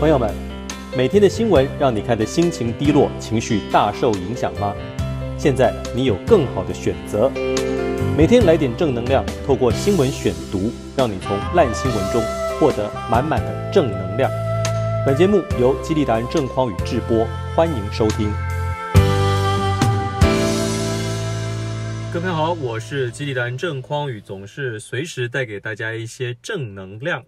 朋友們，每天的新聞讓你看的心情低落，情緒大受影響嗎？現在你有更好的選擇，每天來點正能量，透過新聞選讀，讓你從爛新聞中獲得滿滿的正能量。本節目由激勵達人鄭匡宇製播，歡迎收聽。各位朋友好，我是激勵達人鄭匡宇，總是隨時帶給大家一些正能量。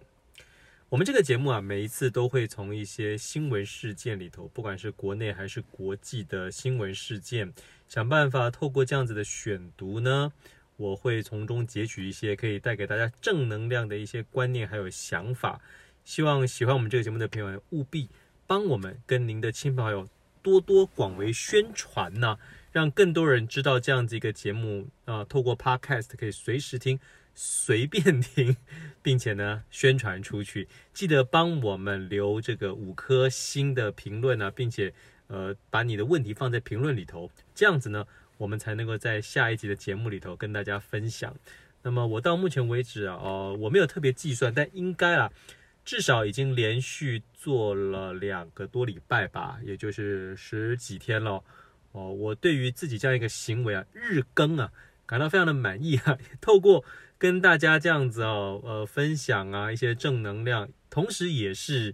我們這個節目啊，每一次都會從一些新聞事件裡頭，不管是國內還是國際的新聞事件，想辦法透過這樣子的選讀呢，我會從中截取一些可以帶給大家正能量的一些觀念還有想法。希望喜歡我們這個節目的朋友務必幫我們跟您的親朋好友多多廣為宣傳呢、啊，讓更多人知道這樣子一個節目啊，透過 Podcast 可以隨時聽。隨便聽，並且呢宣傳出去，記得幫我們留這個五顆星的評論啊，並且呃把你的問題放在評論裡頭，這樣子呢我們才能夠在下一集的節目裡頭跟大家分享。那麼我到目前為止啊哦、呃、我沒有特別計算，但應該啦、啊，至少已經連續做了兩個多禮拜吧，也就是十幾天了哦、呃。我對於自己這樣一個行為啊日更啊。感到非常的滿意啊，透過跟大家這樣子哦，呃，分享啊一些正能量，同時也是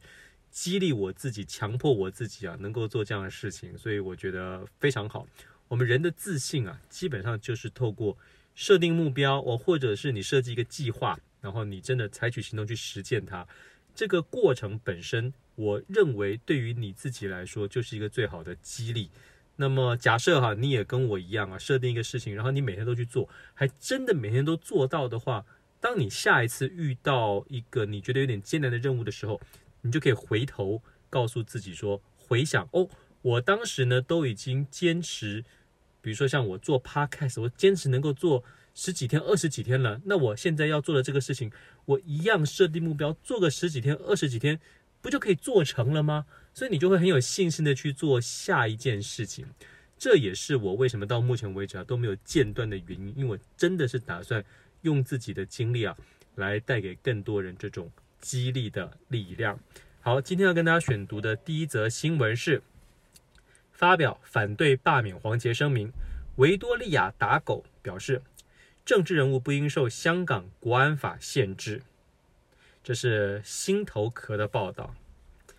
激勵我自己，強迫我自己啊能夠做這樣的事情，所以我覺得非常好。我們人的自信啊，基本上就是透過設定目標，我或者是你設計一個計劃，然後你真的採取行動去實踐它，這個過程本身，我認為對於你自己來說就是一個最好的激勵。那麼假設哈，你也跟我一樣啊，設定一個事情，然後你每天都去做，還真的每天都做到的話，當你下一次遇到一個你覺得有點艱難的任務的時候，你就可以回頭告訴自己說，回想哦，我當時呢都已經堅持，比如說像我做 Podcast，我堅持能夠做十幾天、二十幾天了，那我現在要做的這個事情，我一樣設定目標，做個十幾天、二十幾天。不就可以做成了嗎？所以你就會很有信心的去做下一件事情。這也是我為什麼到目前為止啊都沒有間斷的原因，因為我真的是打算用自己的經歷啊來帶給更多人這種激勵的力量。好，今天要跟大家選讀的第一則新聞是：發表反對罷免黃捷聲明，維多利亞打狗表示，政治人物不應受香港國安法限制。這是新《新頭殼》的報道，《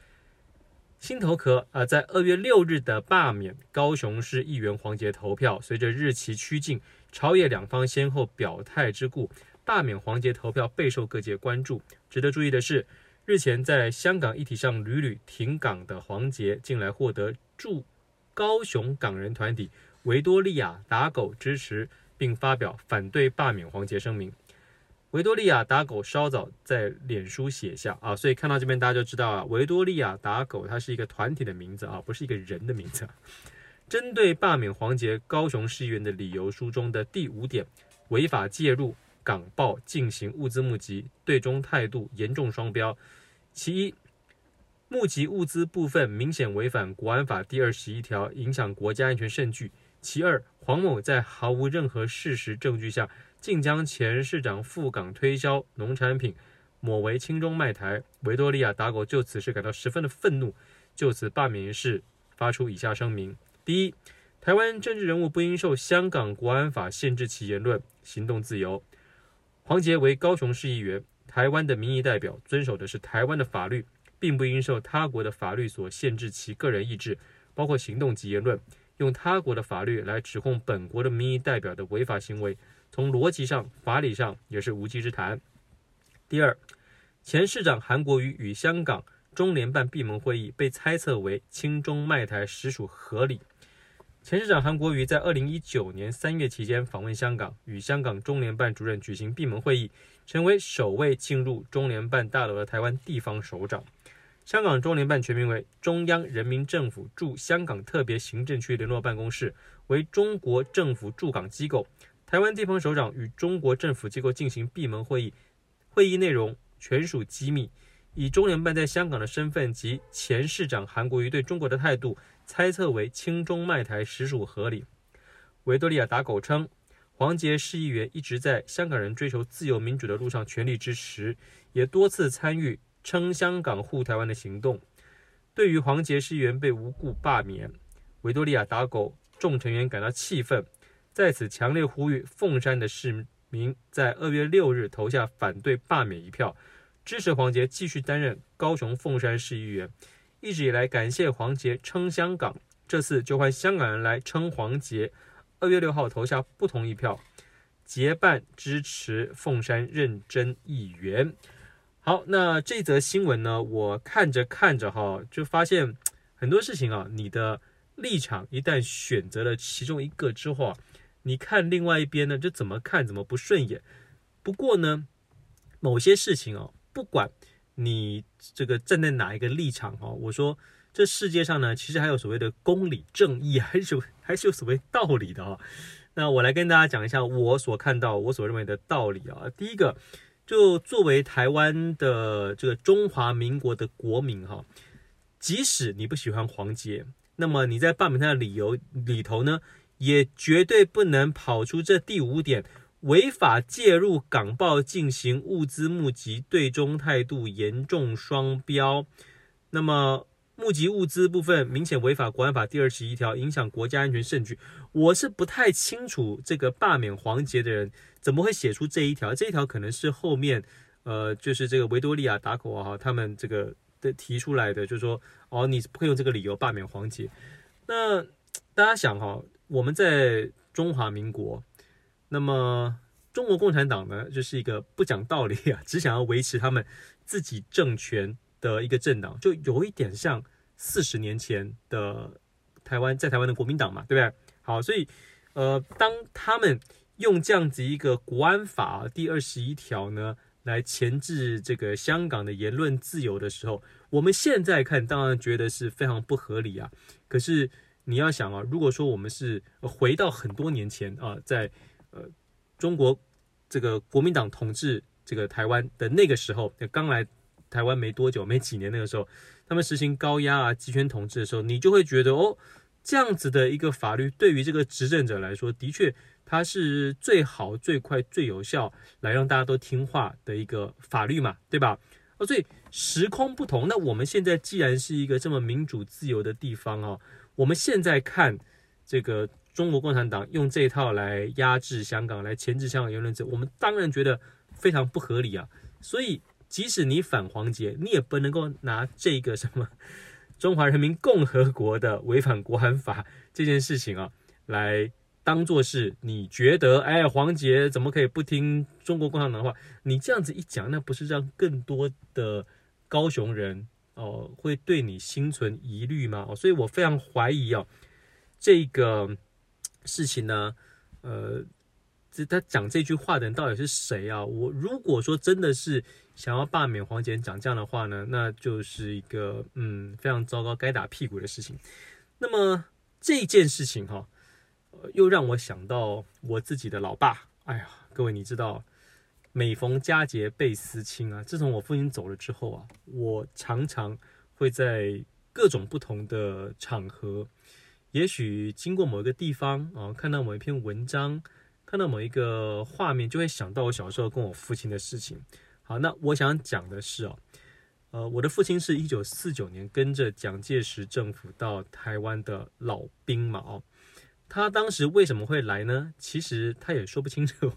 新頭殼》啊，在二月六日的罷免高雄市議員黃捷投票，隨着日期趨近，朝野兩方先後表態之故，罷免黃捷投票備受各界關注。值得注意的是，日前在香港議題上屢屢屢挺港的黃捷，近來獲得駐高雄港人團體維多利亞打狗支持，並發表反對罷免黃捷聲明。維多利亞打狗稍早在臉書寫下啊，所以看到這邊大家就知道啊，維多利亞打狗它，是一個團體的名字啊，不是一個人的名字啊。針對罷免黃捷高雄市議員的理由書中的第五點，違法介入港暴進行物資募集，對中態度嚴重雙標。其一，募集物資部分明顯違反國安法第二十一條，影響國家安全甚鉅。其二，黃某在毫無任何事實證據下，竟將前市長赴港推銷農產品，抹為親中賣台。維多利亞打狗就此事感到十分的憤怒，就此罷免一事發出以下聲明：第一，台灣政治人物不應受香港國安法限制其言論行動自由。黃捷為高雄市議員，台灣的民意代表遵守的是台灣的法律，並不應受他國的法律所限制其個人意志，包括行動及言論。用他國的法律來指控本國的民意代表的違法行為，從邏輯上、法理上也是無稽之談。第二，前市長韓國瑜與香港中聯辦閉門會議被猜測為親中賣台，實屬合理。前市長韓國瑜在2019年3月期間訪問香港，與香港中聯辦主任舉行閉門會議，成為首位進入中聯辦大樓的台灣地方首長。香港中聯辦全名為中央人民政府駐香港特別行政區聯絡辦公室，為中國政府駐港機構。台灣地方首長與中國政府機構進行閉門會議，會議內容全屬機密。以中聯辦在香港的身份及前市長韓國瑜對中國的態度，猜測為親中賣台實屬合理。維多利亞打狗稱，黃捷市議員一直在香港人追求自由民主的路上全力支持，也多次參與稱香港護台灣的行動。對於黃捷市議員被無故罷免，維多利亞打狗眾成員感到氣憤。在此強烈呼籲鳳山的市民在二月六日投下反對罷免一票，支持黃捷繼續擔任高雄鳳山市議員。一直以來感謝黃捷撐香港，這次就換香港人來撐黃捷。二月六號投下不同意票，結伴支持鳳山認真議員。好，那這則新聞呢？我看着看着哈，就發現很多事情啊，你的立場一旦選擇了其中一個之後啊。你看另外一邊呢，就怎麼看怎麼不順眼。不過呢，某些事情哦，不管你這個站在哪一個立場哈、哦，我說這世界上呢，其實還有所謂的公理正義，還是有還是有所謂道理的哈、哦。那我來跟大家講一下我所看到我所認為的道理啊。第一個，就作為台灣的這個中華民國的國民哈、哦，即使你不喜歡黃捷，那麼你在罷免他的理由裡頭呢，也絕對不能跑出這第五點，違法介入港報進行物資募集，對中態度嚴重雙標。那麼募集物資部分明顯違反國安法第二十一條，影響國家安全甚鉅。我是不太清楚這個罷免黃捷的人怎麼會寫出這一條，這一條可能是後面呃，就是這個維多利亞打狗啊，他們這個的提出來的，就是說哦，你不會用這個理由罷免黃捷。那大家想哈、啊。我們在中華民國，那麼中國共產黨呢，就是一個不講道理啊，只想要維持他們自己政權的一個政黨，就有一點像四十年前的台灣，在台灣的國民黨嘛，對不對？好，所以呃，當他們用這樣子一個國安法第二十一條呢，來鉗制這個香港的言論自由的時候，我們現在看當然覺得是非常不合理啊，可是。你要想啊，如果說我們是回到很多年前啊，在呃中國這個國民黨統治這個台灣的那個時候，剛來台灣沒多久、沒幾年那個時候，他們實行高壓啊集權統治的時候，你就會覺得哦，這樣子的一個法律對於這個執政者來說，的確它是最好、最快、最有效來讓大家都聽話的一個法律嘛，對吧？哦，所以時空不同，那我們現在既然是一個這麼民主自由的地方啊。我們現在看這個中國共產黨用這一套來壓制香港，來鉗制香港言論者，我們當然覺得非常不合理啊。所以，即使你反黃捷，你也不能夠拿這個什麼中華人民共和國的違反國安法這件事情啊，來當做是你覺得，哎，黃捷怎麼可以不聽中國共產黨的話？你這樣子一講，那不是讓更多的高雄人？哦，會對你心存疑慮嗎？哦，所以我非常懷疑哦，這個事情呢，呃，這他講這句話的人到底是誰啊？我如果說真的是想要罷免黃捷講這樣的話呢，那就是一個嗯非常糟糕該打屁股的事情。那麼這件事情哈、哦，又讓我想到我自己的老爸。哎呀，各位你知道。每逢佳節倍思親啊！自從我父親走了之後啊，我常常會在各種不同的場合，也許經過某一個地方啊，看到某一篇文章，看到某一個畫面，就會想到我小時候跟我父親的事情。好，那我想講的是哦、啊，呃，我的父親是一九四九年跟着蔣介石政府到台灣的老兵嘛，哦、啊，他當時為什麼會來呢？其實他也說不清楚。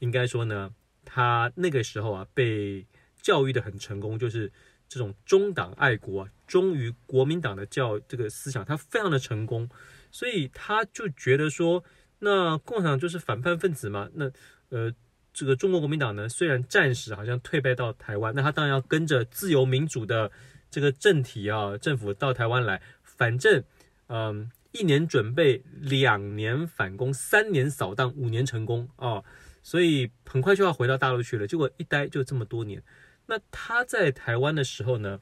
應該說呢，他那個時候啊，被教育的很成功，就是這種忠黨愛國、啊、忠於國民黨的教這個思想，他非常的成功，所以他就覺得說，那共產黨就是反叛分子嘛，那呃，這個中國國民黨呢，雖然暫時好像退敗到台灣，那他當然要跟着自由民主的這個政體啊，政府到台灣來，反正，嗯。一年準備，兩年反攻，三年掃蕩，五年成功啊、哦。所以很快就要回到大陸去了。結果一待就這麼多年。那他在台灣的時候呢，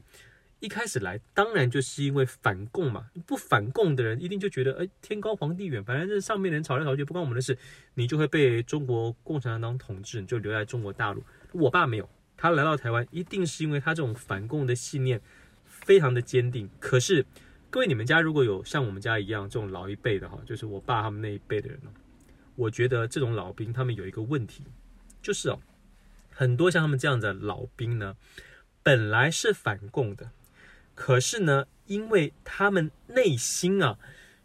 一開始來當然就是因為反共嘛，不反共的人一定就覺得，誒，天高皇帝遠，反正這上面人吵來吵去，不關我們的事，你就會被中國共產黨統治，你就留在中國大陸。我爸沒有，他來到台灣一定是因為他這種反共的信念非常的堅定，可是。各位，你們家如果有像我們家一樣這種老一輩的哈，就是我爸他們那一輩的人呢，我覺得這種老兵他們有一個問題，就是哦，很多像他們這樣的老兵呢，本來是反共的，可是呢，因為他們內心啊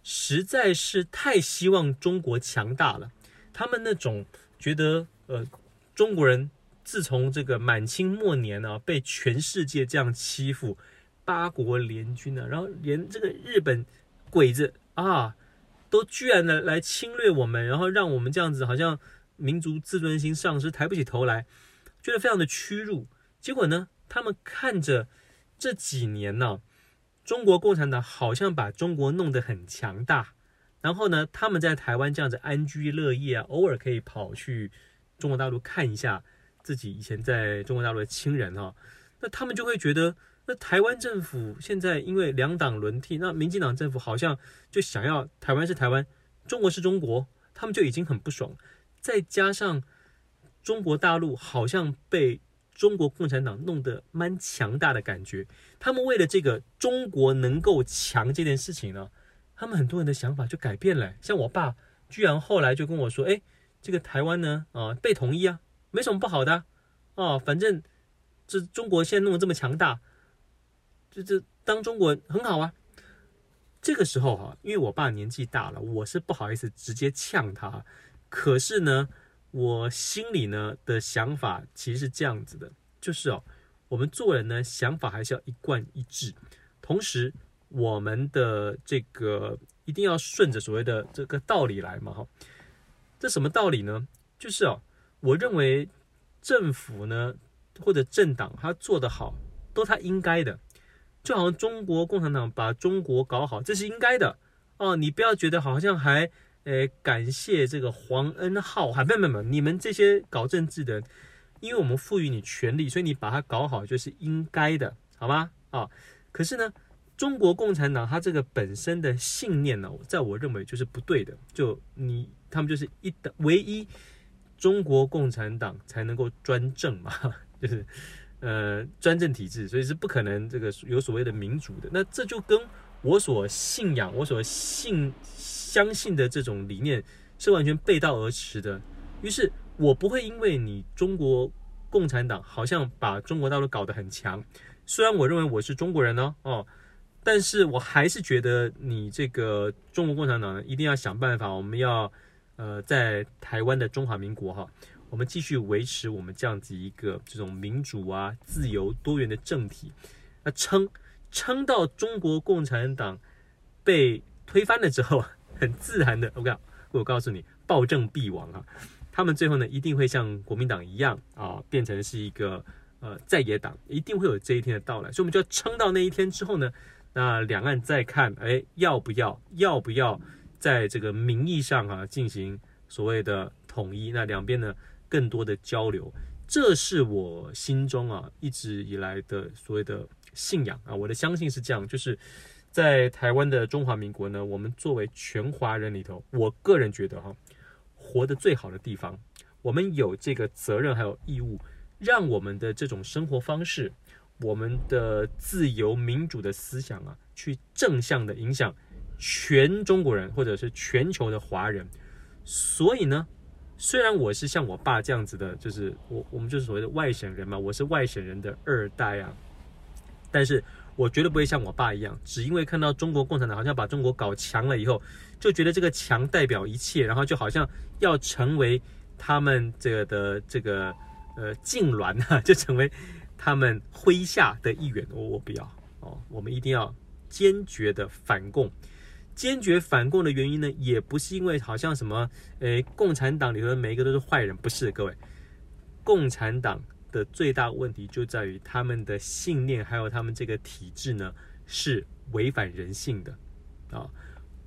實在是太希望中國強大了，他們那種覺得呃，中國人自從這個滿清末年呢啊，被全世界這樣欺負。八國聯軍呢、啊，然後連這個日本鬼子啊，都居然呢來侵略我們，然後讓我們這樣子好像民族自尊心喪失，抬不起頭來，覺得非常的屈辱。結果呢，他們看着這幾年呢、啊，中國共產黨好像把中國弄得很強大，然後呢，他們在台灣這樣子安居樂業啊，偶爾可以跑去中國大陸看一下自己以前在中國大陸的親人啊，那他們就會覺得。那台灣政府現在因為兩黨輪替，那民進黨政府好像就想要台灣是台灣，中國是中國，他們就已經很不爽。再加上中國大陸好像被中國共產黨弄得蠻強大的感覺，他們為了這個中國能夠強這件事情呢、啊，他們很多人的想法就改變了、欸。像我爸居然後來就跟我說：“哎、欸，這個台灣呢，啊被同意啊，沒什麼不好的、啊，哦、啊，反正這中國現在弄得這麼強大。”就是當中國人很好啊！這個時候哈，因為我爸年紀大了，我是不好意思直接嗆他。可是呢，我心裡呢的想法其實是這樣子的，就是哦，我們做人呢，想法還是要一貫一致，同時我們的這個一定要順着所謂的這個道理來嘛。哈，這什麼道理呢？就是哦，我認為政府呢或者政黨他做得好，都他應該的。就好像中國共產黨把中國搞好，這是應該的哦。你不要覺得好像還，呃，感謝這個黃恩浩，還沒有沒有。你們這些搞政治的，因為我們賦予你權利，所以你把它搞好就是應該的，好嗎？啊、哦，可是呢，中國共產黨它這個本身的信念呢，在我認為就是不對的。就你他們就是一唯一中國共產黨才能夠專政嘛，就是。呃，專政體制，所以是不可能這個有所謂的民主的。那這就跟我所信仰、我所信相信的這種理念是完全背道而馳的。於是，我不會因為你中國共產黨好像把中國大陸搞得很強，雖然我認為我是中國人呢、哦，哦，但是我還是覺得你這個中國共產黨一定要想辦法，我們要呃，在台灣的中華民國哈、哦。我們繼續維持我們這樣子一個這種民主啊、自由多元的政體，那撐撐到中國共產黨被推翻了之後，很自然的，我告訴你，暴政必亡啊！他們最後呢，一定會像國民黨一樣啊，變成是一個呃在野黨，一定會有這一天的到來。所以，我們就要撐到那一天之後呢，那兩岸再看，哎、欸，要不要要不要在這個名義上啊進行所謂的統一？那兩邊呢？更多的交流，這是我心中啊一直以來的所謂的信仰啊。我的相信是這樣，就是在台灣的中華民國呢，我們作為全華人裡頭，我個人覺得哈、啊，活得最好的地方，我們有這個責任還有義務，讓我們的這種生活方式，我們的自由民主的思想啊，去正向的影響全中國人或者是全球的華人。所以呢。雖然我是像我爸這樣子的，就是我我們就是所謂的外省人嘛，我是外省人的二代啊，但是我絕對不會像我爸一樣，只因為看到中國共產黨好像把中國搞強了以後，就覺得這個強代表一切，然後就好像要成為他們這個的這個呃禁臠啊，就成為他們麾下的的一員，我、哦、我不要哦，我們一定要堅決的反共。堅決反共的原因呢，也不是因為好像什麼，誒、哎，共產黨裡頭的每一個都是壞人，不是各位。共產黨的最大問題就在於他們的信念，還有他們這個體制呢，是違反人性的，啊，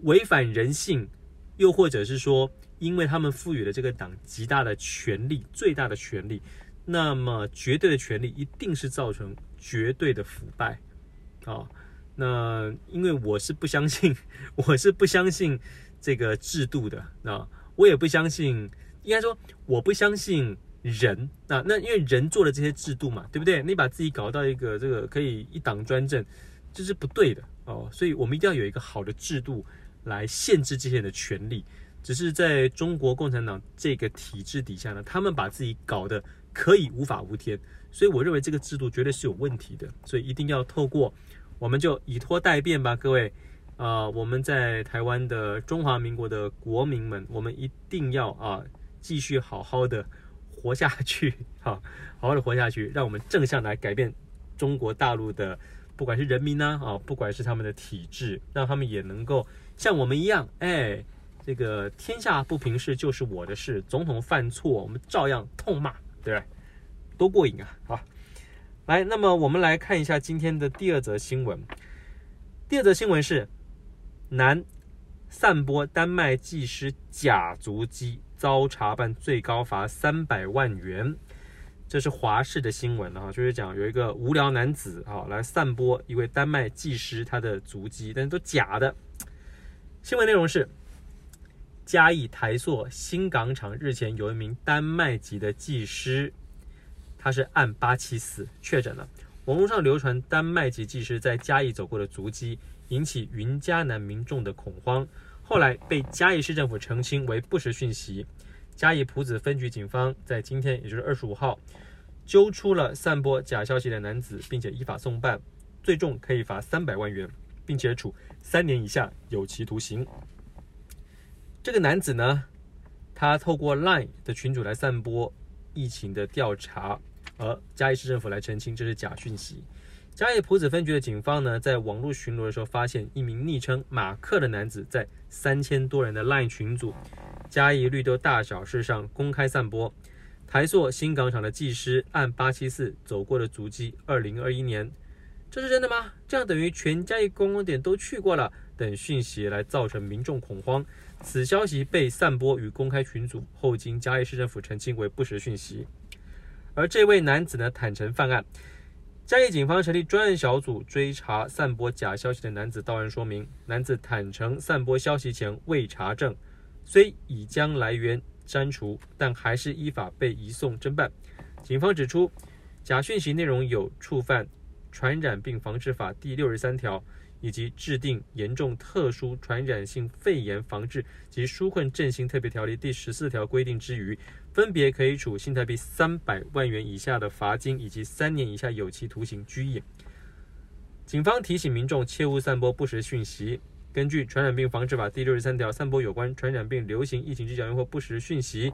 違反人性，又或者是說，因為他們賦予了這個黨極大的權力，最大的權力，那麼絕對的權力一定是造成絕對的腐敗，啊。那因為我是不相信，我是不相信這個制度的。那我也不相信，應該說我不相信人。那那因為人做的這些制度嘛，對不對？你把自己搞到一個這個可以一黨專政，這是不對的哦。所以我們一定要有一個好的制度來限制這些人的權力。只是在中國共產黨這個體制底下呢，他們把自己搞得可以無法無天。所以我認為這個制度絕對是有問題的。所以一定要透過。我們就以拖待變吧，各位，啊、呃，我們在台灣的中華民國的國民們，我們一定要啊，繼續好好的活下去，哈、啊，好好的活下去，讓我們正向來改變中國大陸的，不管是人民呢、啊，啊，不管是他們的體制，讓他們也能夠像我們一樣，哎，這個天下不平事就是我的事，總統犯錯我們照樣痛罵，對吧，多過癮啊，好。來，那麼我們來看一下今天的第二則新聞。第二則新聞是：男散播丹麥技師假足跡遭查辦，最高罰三百萬元。這是華視的新聞了哈、啊，就是講有一個無聊男子啊，來散播一位丹麥技師他的足跡，但是都假的。新聞內容是：嘉義台塑新港廠日前有一名丹麥籍的技師。他是案八七四確診的。網絡上流傳丹麥籍技師在嘉義走過的足跡，引起雲嘉南民眾的恐慌。後來被嘉義市政府澄清為不實訊息。嘉義樸子分局警方在今天，也就是二十五號，揪出了散播假消息的男子，並且依法送辦，最重可以罰三百萬元，並且處三年以下有期徒刑。這個男子呢，他透過 LINE 的群組來散播疫情的調查。而嘉義市政府來澄清，這是假訊息。嘉義浦子分局的警方呢，在網絡巡邏的時候，發現一名昵稱“馬克”的男子，在三千多人的 LINE 群組“嘉義綠豆大小事”上公開散播台塑新港廠的技師案八七四走過的足跡。二零二一年，這是真的嗎？這樣等於全嘉義觀光點都去過了。等訊息來造成民眾恐慌。此消息被散播與公開群組後，經嘉義市政府澄清為不實訊息。而這位男子呢，坦承犯案，嘉義警方成立專案小組追查散播假消息的男子到案說明，男子坦承散播消息前未查證，雖已將來源刪除，但還是依法被移送偵辦。警方指出，假訊息內容有觸犯《傳染病防治法》第六十三條，以及制定嚴重特殊傳染性肺炎防治及紓困振興特別條例第十四條規定之餘。分別可以處新台幣三百萬元以下的罰金，以及三年以下有期徒刑、拘役。警方提醒民眾，切勿散播不實訊息。根據《傳染病防治法》第六十三條，散播有關傳染病流行疫情之謠言或不實訊息，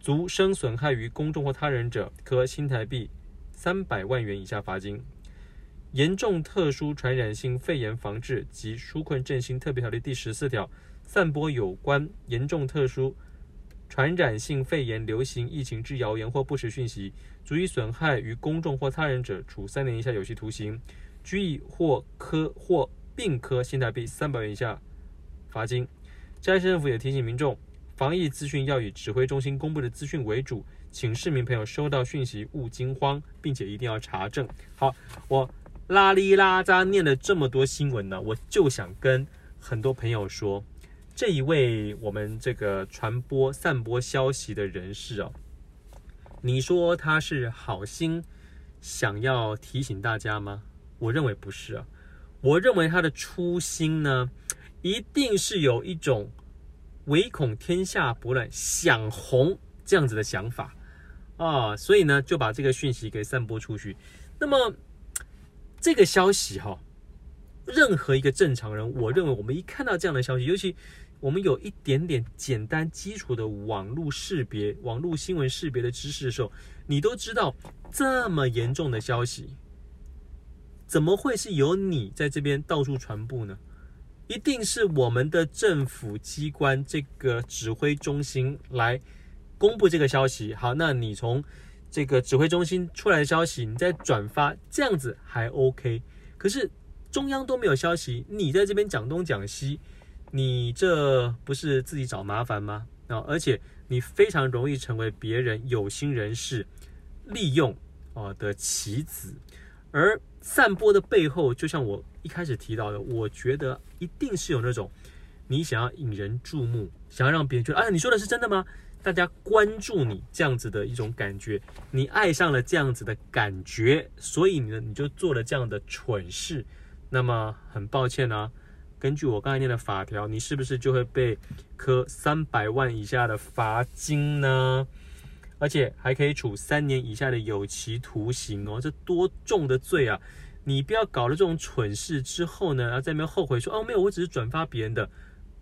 足生損害於公眾或他人者，科新台幣三百萬元以下罰金。《嚴重特殊傳染性肺炎防治及紓困振興特別條例》第十四條，散播有關嚴重特殊傳染性肺炎流行疫情之謠言或不實訊息，足以損害於公眾或他人者，處三年以下有期徒刑、拘役或科或併科新台幣三百元以下罰金。嘉義市政府也提醒民眾，防疫資訊要以指揮中心公布的資訊為主，請市民朋友收到訊息勿驚慌，並且一定要查證。好，我拉哩拉雜念了這麼多新聞呢，我就想跟很多朋友說。這一位我們這個傳播、散播消息的人士哦，你說他是好心，想要提醒大家嗎？我認為不是啊，我認為他的初心呢，一定是有一種唯恐天下不亂、想紅這樣子的想法啊，所以呢，就把這個訊息給散播出去。那麼這個消息哈、哦，任何一個正常人，我認為我們一看到這樣的消息，尤其。我們有一點點簡單基礎的網絡識別、網絡新聞識別的知識的時候，你都知道這麼嚴重的消息，怎麼會是由你在這邊到處傳播呢？一定是我們的政府機關這個指揮中心來公布這個消息。好，那你從這個指揮中心出來的消息，你再轉發，這樣子還 OK。可是中央都沒有消息，你在這邊講東講西。你這不是自己找麻煩嗎？啊，而且你非常容易成為別人有心人士利用啊的棋子，而散播的背後，就像我一開始提到的，我覺得一定是有那種你想要引人注目，想要讓別人覺得哎、啊，你說的是真的嗎？大家關注你這樣子的一種感覺，你愛上了這樣子的感覺，所以呢，你就做了這樣的蠢事。那麼很抱歉啊。根據我剛才念的法條，你是不是就會被科三百萬以下的罰金呢？而且還可以處三年以下的有期徒刑哦，這多重的罪啊！你不要搞了這種蠢事之後呢，然後在那邊後悔說哦，沒有，我只是轉發別人的，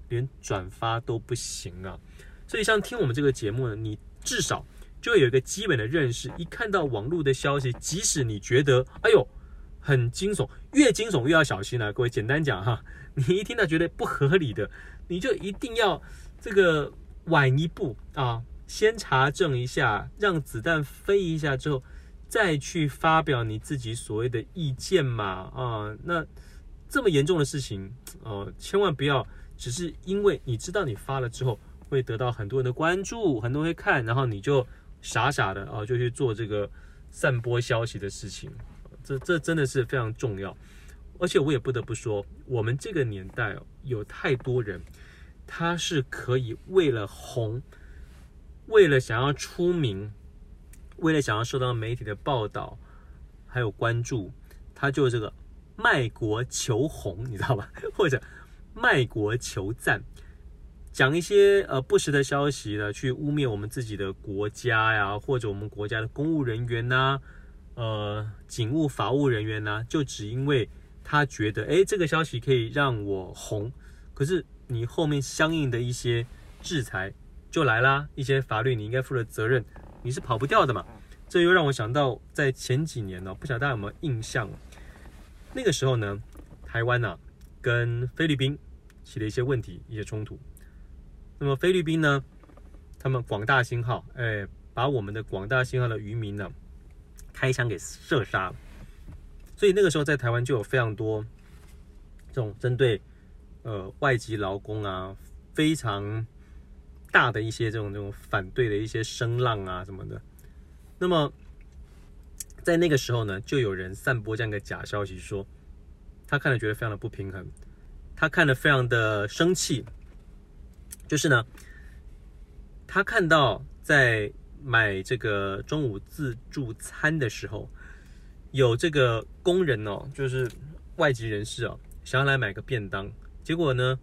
連轉發都不行啊！所以像聽我們這個節目呢，你至少就會有一個基本的認識，一看到網絡的消息，即使你覺得哎呦。很驚悚，越驚悚越要小心啊！各位，簡單講哈、啊，你一聽到覺得不合理的，你就一定要這個晚一步啊，先查證一下，讓子彈飛一下之後，再去發表你自己所謂的意見嘛啊！那這麼嚴重的事情哦、呃，千萬不要只是因為你知道你發了之後會得到很多人的關注，很多人會看，然後你就傻傻的哦、啊、就去做這個散播消息的事情。這這真的是非常重要，而且我也不得不說，我們這個年代有太多人，他是可以為了紅，為了想要出名，為了想要受到媒體的報道還有關注，他就這個賣國求紅，你知道吧？或者賣國求贊，講一些呃不實的消息呢，去污衊我們自己的國家呀，或者我們國家的公務人員吶、啊。呃，警務法務人員呢、啊，就只因為他覺得，誒、欸，這個消息可以讓我紅，可是你後面相應的一些制裁就來啦，一些法律你應該負的責任，你是跑不掉的嘛。這又讓我想到在前幾年呢、喔，不曉得大家有沒有印象？那個時候呢，台灣呢、啊、跟菲律賓起了一些問題，一些衝突。那麼菲律賓呢，他們廣大興號，誒、欸，把我們的廣大興號的漁民呢、啊。開槍給射殺，所以那個時候在台灣就有非常多這種針對呃外籍勞工啊，非常大的一些這種這種反對的一些聲浪啊什麼的。那麼在那個時候呢，就有人散播這樣一個假消息，說他看了覺得非常的不平衡，他看了非常的生氣，就是呢他看到在。買這個中午自助餐的時候，有這個工人哦，就是外籍人士哦，想要來買個便當。結果呢，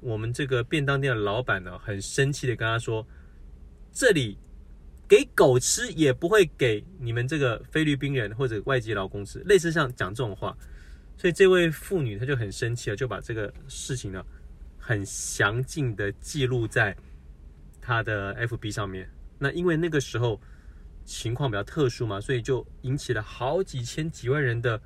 我們這個便當店的老板呢，很生氣的跟他說：“這裡給狗吃也不會給你們這個菲律賓人或者外籍勞工吃。”類似像講這種話，所以這位婦女她就很生氣了，就把這個事情呢，很詳盡的記錄在她的 FB 上面。那因為那個時候情況比較特殊嘛，所以就引起了好幾千幾萬人的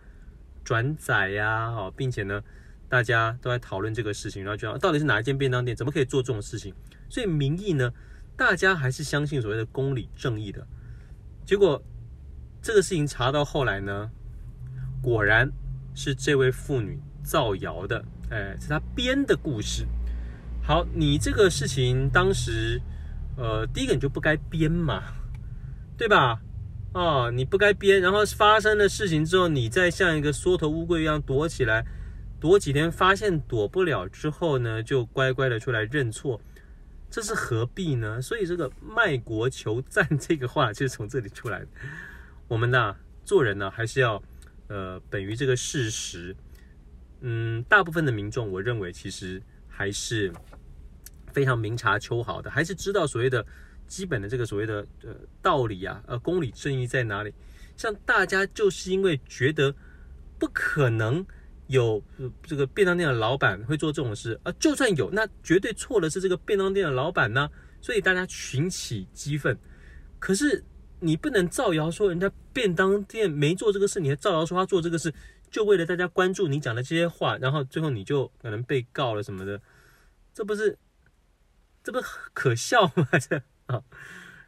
轉載呀，好，並且呢，大家都在討論這個事情，然後就到底是哪一間便當店怎麼可以做這種事情？所以民意呢，大家還是相信所謂的公理正義的。結果這個事情查到後來呢，果然是這位婦女造謠的，哎，是她編的故事。好，你這個事情當時，呃，第一個你就不該編嘛，對吧？哦，你不該編，然後發生的事情之後，你再像一個縮頭烏龜一樣躲起來，躲幾天，發現躲不了之後呢，就乖乖的出來認錯，這是何必呢？所以這個賣國求戰這個話就是從這裡出來的。我們呢，做人呢，還是要呃，本於這個事實。嗯，大部分的民眾，我認為其實還是。非常明察秋毫的，還是知道所謂的基本的這個所謂的呃道理啊，呃公理正義在哪裡？像大家就是因為覺得不可能有這個便當店的老板會做這種事啊，就算有，那絕對錯的是這個便當店的老板呢。所以大家群起激憤。可是你不能造謠說人家便當店沒做這個事，你還造謠說他做這個事，就為了大家關注你講的這些話，然後最後你就可能被告了什麼的，這不是？這不可笑嗎？這 啊，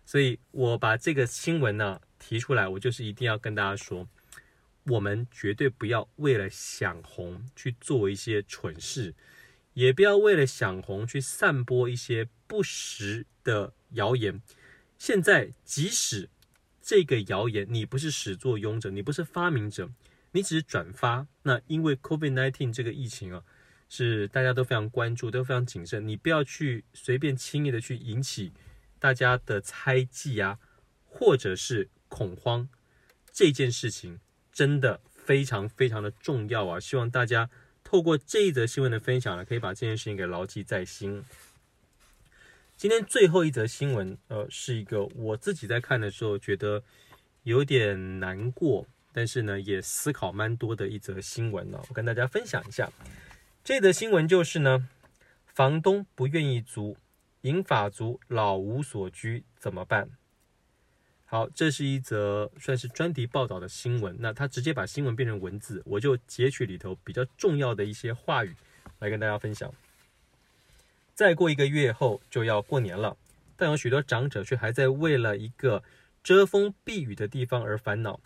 所以我把這個新聞呢、啊、提出來，我就是一定要跟大家說，我們絕對不要為了想紅去做一些蠢事，也不要為了想紅去散播一些不實的謠言。現在即使這個謠言你不是始作俑者，你不是發明者，你只是轉發，那因為 COVID-19 這個疫情啊。是大家都非常關注，都非常謹慎。你不要去隨便輕易的去引起大家的猜忌啊，或者是恐慌。這件事情真的非常非常的重要啊！希望大家透過這一則新聞的分享呢、啊，可以把這件事情給牢記在心。今天最後一則新聞，呃，是一個我自己在看的時候覺得有點難過，但是呢，也思考蠻多的一則新聞呢、啊，我跟大家分享一下。這則新聞就是呢，房東不願意租，銀髮族老無所居怎麼辦？好，這是一則算是專題報道的新聞。那他直接把新聞變成文字，我就截取裡頭比較重要的一些話語來跟大家分享。再過一個月後就要過年了，但有許多長者卻還在為了一個遮風避雨的地方而煩惱。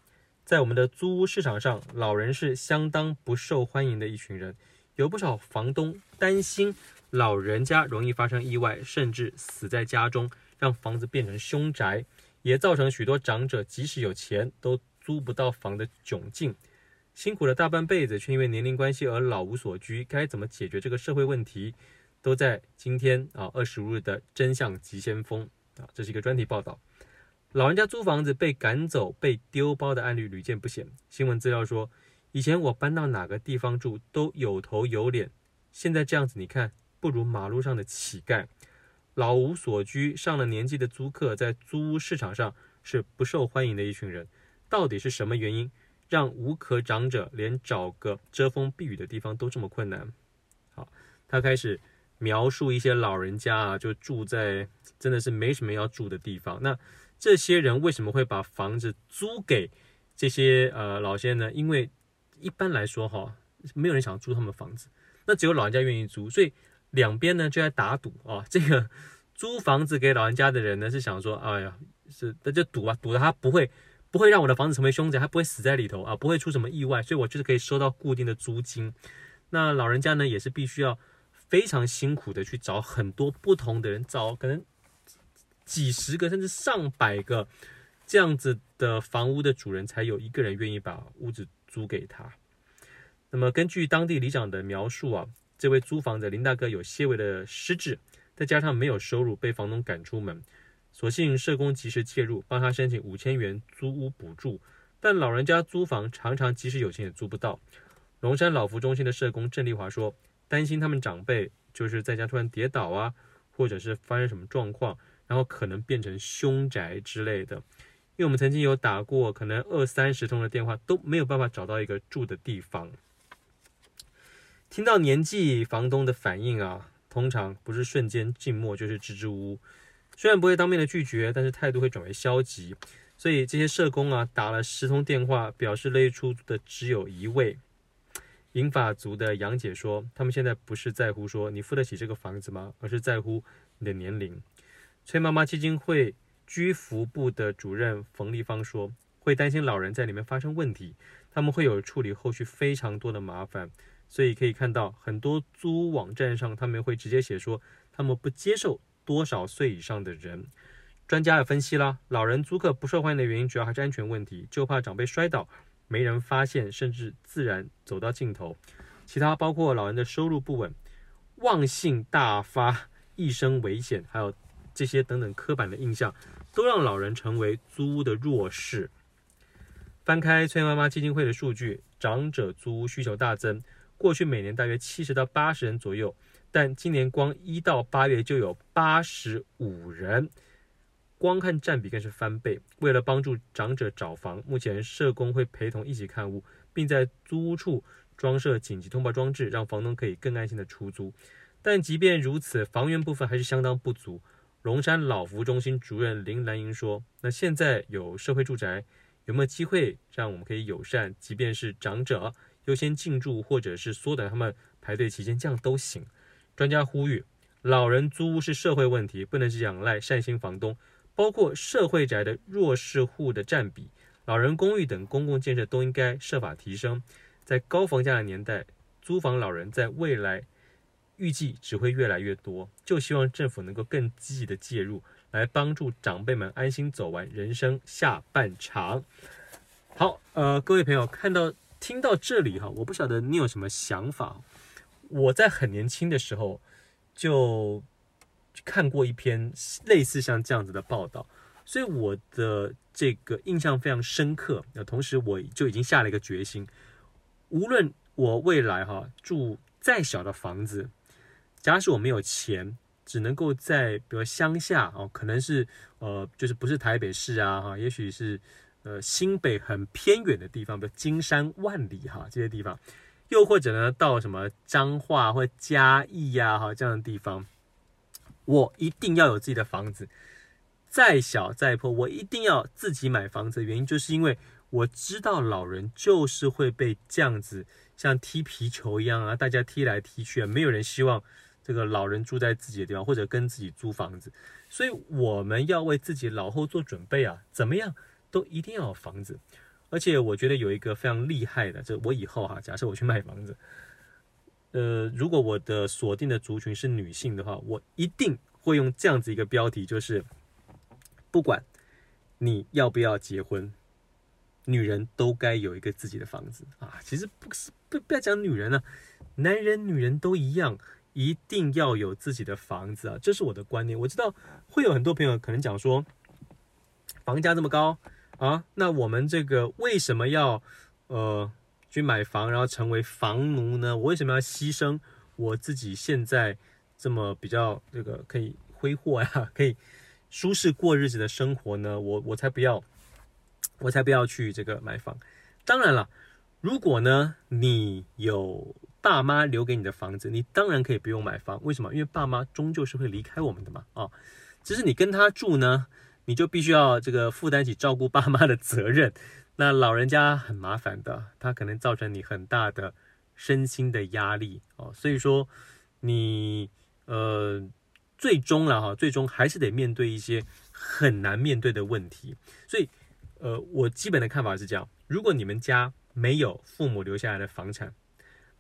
在我們的租屋市場上，老人是相當不受歡迎的一群人。有不少房東擔心老人家容易發生意外，甚至死在家中，讓房子變成凶宅，也造成許多長者即使有錢都租不到房的窘境。辛苦了大半輩子，卻因為年齡關係而老無所居，該怎麼解決這個社會問題？都在今天啊二十五日的《真相急先鋒》啊，這是一個專題報道。老人家租房子被趕走、被丟包的案例屢見不鮮。新聞資料說。以前我搬到哪個地方住都有頭有臉，現在這樣子，你看不如馬路上的乞丐，老無所居。上了年紀的租客在租屋市場上是不受歡迎的一群人。到底是什麼原因讓無殼長者連找個遮風避雨的地方都這麼困難？好，他開始描述一些老人家啊，就住在真的是沒什麼要住的地方。那這些人為什麼會把房子租給這些呃老先生呢？因為一般來說，哈，沒有人想租他們房子，那只有老人家願意租，所以兩邊呢就在打賭啊，哦。這個租房子給老人家的人呢是想說，哎呀，是那就賭啊，賭他不會不會讓我的房子成為凶宅，他不會死在裡頭啊，不會出什麼意外，所以我就是可以收到固定的租金。那老人家呢也是必須要非常辛苦的去找很多不同的人，找可能幾十個甚至上百個這樣子的房屋的主人，才有一個人願意把屋子。租給他。那麼根據當地里長的描述啊，這位租房子林大哥有些微的失智，再加上沒有收入，被房東趕出門，所幸社工及時介入，幫他申請五千元租屋補助。但老人家租房常常即使有錢也租不到。龍山老福中心的社工鄭麗華說，擔心他們長輩就是在家突然跌倒啊，或者是發生什麼狀況，然後可能變成凶宅之類的。因為我們曾經有打過可能二三十通的電話，都沒有辦法找到一個住的地方。聽到年紀房東的反應啊，通常不是瞬間靜默，就是支支吾吾。雖然不會當面的拒絕，但是態度會轉為消極。所以這些社工啊，打了十通電話，表示樂意出租的只有一位。銀髮族的楊姐說，他們現在不是在乎說你付得起這個房子嗎？而是在乎你的年齡。崔媽媽基金會。居服部的主任馮立芳說：“會擔心老人在裡面發生問題，他們會有處理後續非常多的麻煩。所以可以看到，很多租屋網站上他們會直接寫說他們不接受多少歲以上的人。專家也分析了，老人租客不受歡迎的原因，主要還是安全問題，就怕長輩摔倒沒人發現，甚至自然走到盡頭。其他包括老人的收入不穩、忘性大發、易生危險，還有這些等等刻板的印象。”都讓老人成為租屋的弱勢。翻開崔媽媽基金會的數據，長者租屋需求大增，過去每年大約七十到八十人左右，但今年光一到八月就有八十五人，光看占比更是翻倍。為了幫助長者找房，目前社工會陪同一起看屋，並在租屋處裝設緊急通報裝置，讓房東可以更安心的出租。但即便如此，房源部分還是相當不足。龍山老福中心主任林蘭英說：“那現在有社會住宅，有沒有機會讓我們可以友善，即便是長者優先進駐，或者是縮短他們排隊期間，這樣都行。”專家呼籲，老人租屋是社會問題，不能只仰賴善心房東。包括社會宅的弱勢戶的占比、老人公寓等公共建設都應該設法提升。在高房價的年代，租房老人在未來。預計只會越來越多，就希望政府能夠更積極的介入，來幫助長輩們安心走完人生下半場。好，呃，各位朋友看到聽到這裡哈，我不曉得你有什麼想法。我在很年輕的時候就看過一篇類似像這樣子的報道，所以我的這個印象非常深刻。那同時我就已經下了一個決心，無論我未來哈住再小的房子，假使我沒有錢，只能夠在比如鄉下哦，可能是呃，就是不是台北市啊哈，也許是呃新北很偏遠的地方，比如金山、萬里哈這些地方，又或者呢到什麼彰化、或嘉義呀、啊、哈這樣的地方，我一定要有自己的房子，再小再破。我一定要自己買房子的原因就是因為我知道老人就是會被這樣子，像踢皮球一樣啊，大家踢來踢去啊，沒有人希望，這個老人住在自己的地方，或者跟自己租房子，所以我們要為自己老後做準備啊！怎麼樣都一定要有房子。而且我覺得有一個非常厲害的，就我以後哈、啊，假設我去賣房子，呃，如果我的鎖定的族群是女性的話，我一定會用這樣子一個標題，就是不管你要不要結婚，女人都該有一個自己的房子啊！其實不是，不不要講女人了、啊，男人女人都一樣。一定要有自己的房子啊，這是我的觀念。我知道會有很多朋友可能講說，房價這麼高啊，那我們這個為什麼要呃去買房，然後成為房奴呢？我為什麼要犧牲我自己現在這麼比較這個可以揮霍呀、啊，可以舒適過日子的生活呢？我我才不要，我才不要去這個買房。當然了，如果呢你有。爸媽留給你的房子，你當然可以不用買房。為什麼？因為爸媽終究是會離開我們的嘛。啊、哦，只是你跟他住呢，你就必須要這個負擔起照顧爸媽的責任。那老人家很麻煩的，他可能造成你很大的身心的壓力。哦，所以說你呃，最終了哈，最終還是得面對一些很難面對的問題。所以，呃，我基本的看法是這樣：如果你們家沒有父母留下來的房產，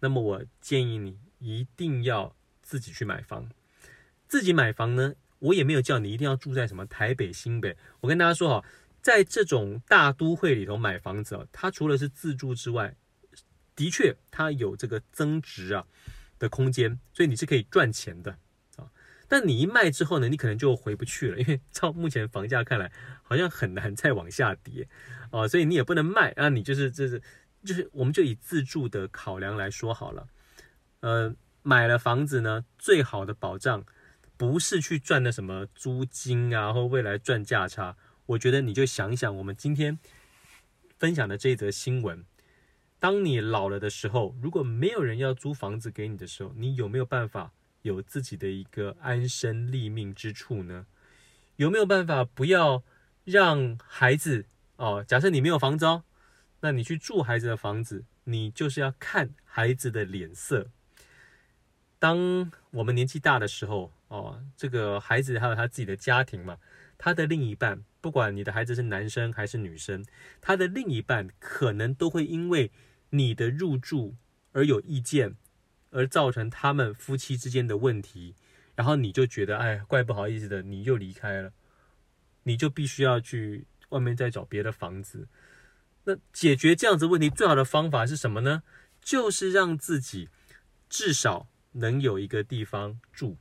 那麼我建議你一定要自己去買房，自己買房呢，我也沒有叫你一定要住在什麼台北新北。我跟大家說哈、啊，在這種大都會裡頭買房子啊，它除了是自住之外，的確它有這個增值啊的空間，所以你是可以賺錢的啊。但你一賣之後呢，你可能就回不去了，因為照目前房價看來，好像很難再往下跌哦、啊，所以你也不能賣啊，你就是這是。就是我們就以自住的考量來說好了，呃，買了房子呢，最好的保障不是去賺的什麼租金啊，或未來賺價差。我覺得你就想一想我們今天分享的這一則新聞，當你老了的時候，如果沒有人要租房子給你的時候，你有沒有辦法有自己的一個安身立命之處呢？有沒有辦法不要讓孩子哦？假設你沒有房子哦？那你去住孩子的房子，你就是要看孩子的臉色。當我們年紀大的時候，哦，這個孩子還有他自己的家庭嘛，他的另一半，不管你的孩子是男生還是女生，他的另一半可能都會因為你的入住而有意見，而造成他們夫妻之間的問題。然後你就覺得，哎，怪不好意思的，你又離開了，你就必須要去外面再找別的房子。解決這樣子問題最好的方法是什麼呢？就是讓自己至少能有一個地方住，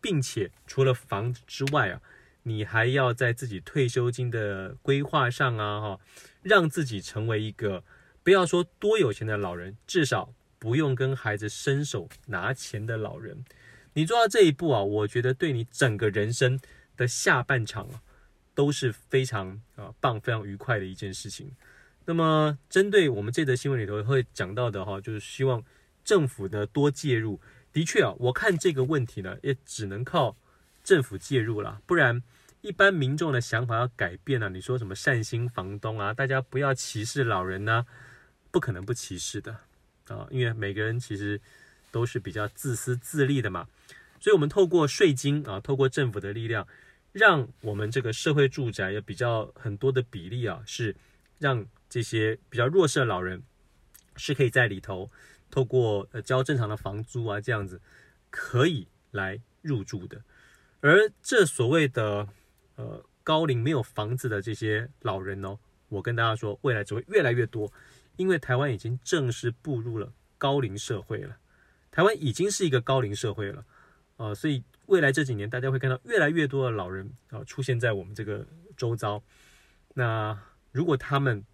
並且除了房子之外啊，你還要在自己退休金的規劃上啊哈，讓自己成為一個不要說多有錢的老人，至少不用跟孩子伸手拿錢的老人。你做到這一步啊，我覺得對你整個人生的下半場啊都是非常啊棒，非常愉快的一件事情。那麼，針對我們這則新聞裡頭會講到的哈、啊，就是希望政府的多介入。的確啊，我看這個問題呢，也只能靠政府介入了，不然一般民眾的想法要改變了、啊。你說什麼善心房東啊，大家不要歧視老人吶、啊，不可能不歧視的啊，因為每個人其實都是比較自私自利的嘛。所以，我們透過稅金啊，透過政府的力量，讓我們這個社會住宅有比較很多的比例啊，是讓。這些比較弱勢的老人是可以在裡頭，透過呃交正常的房租啊這樣子，可以來入住的。而這所謂的呃高齡沒有房子的這些老人呢、哦，我跟大家說，未來只會越來越多，因為台灣已經正式步入了高齡社會了。台灣已經是一個高齡社會了，呃，所以未來這幾年大家會看到越來越多的老人啊、呃、出現在我們這個周遭。那如果他們，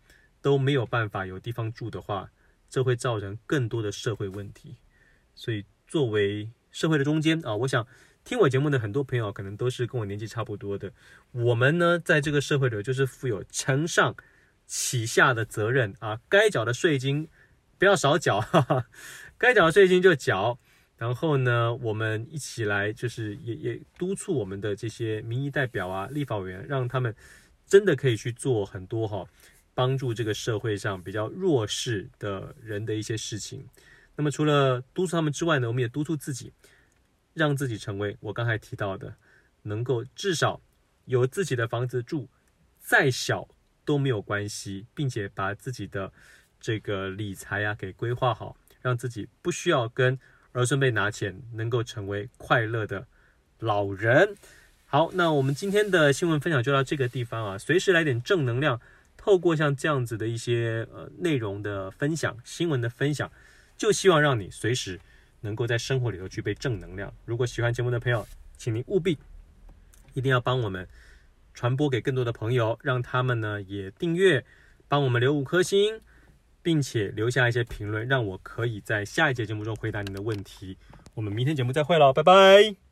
都沒有辦法有地方住的話，這會造成更多的社會問題。所以，作為社會的中堅啊，我想聽我節目的很多朋友可能都是跟我年紀差不多的。我們呢，在這個社會裡就是負有承上啟下的責任啊。該繳的稅金不要少繳哈哈，該繳的稅金就繳。然後呢，我們一起來就是也也督促我們的這些民意代表啊、立法委員，讓他們真的可以去做很多哈。幫助這個社會上比較弱勢的人的一些事情。那麼，除了督促他們之外呢，我們也督促自己，讓自己成為我剛才提到的，能夠至少有自己的房子住，再小都沒有關係，並且把自己的這個理財啊給規劃好，讓自己不需要跟兒孫輩拿錢，能夠成為快樂的老人。好，那我們今天的新聞分享就到這個地方啊，隨時來點正能量。透過像這樣子的一些呃內容的分享、新聞的分享，就希望讓你隨時能夠在生活裡頭具備正能量。如果喜歡節目的朋友，請您務必一定要幫我們傳播給更多的朋友，讓他們呢也訂閱，幫我們留五顆星，並且留下一些評論，讓我可以在下一節節目中回答您的問題。我們明天節目再會了，拜拜。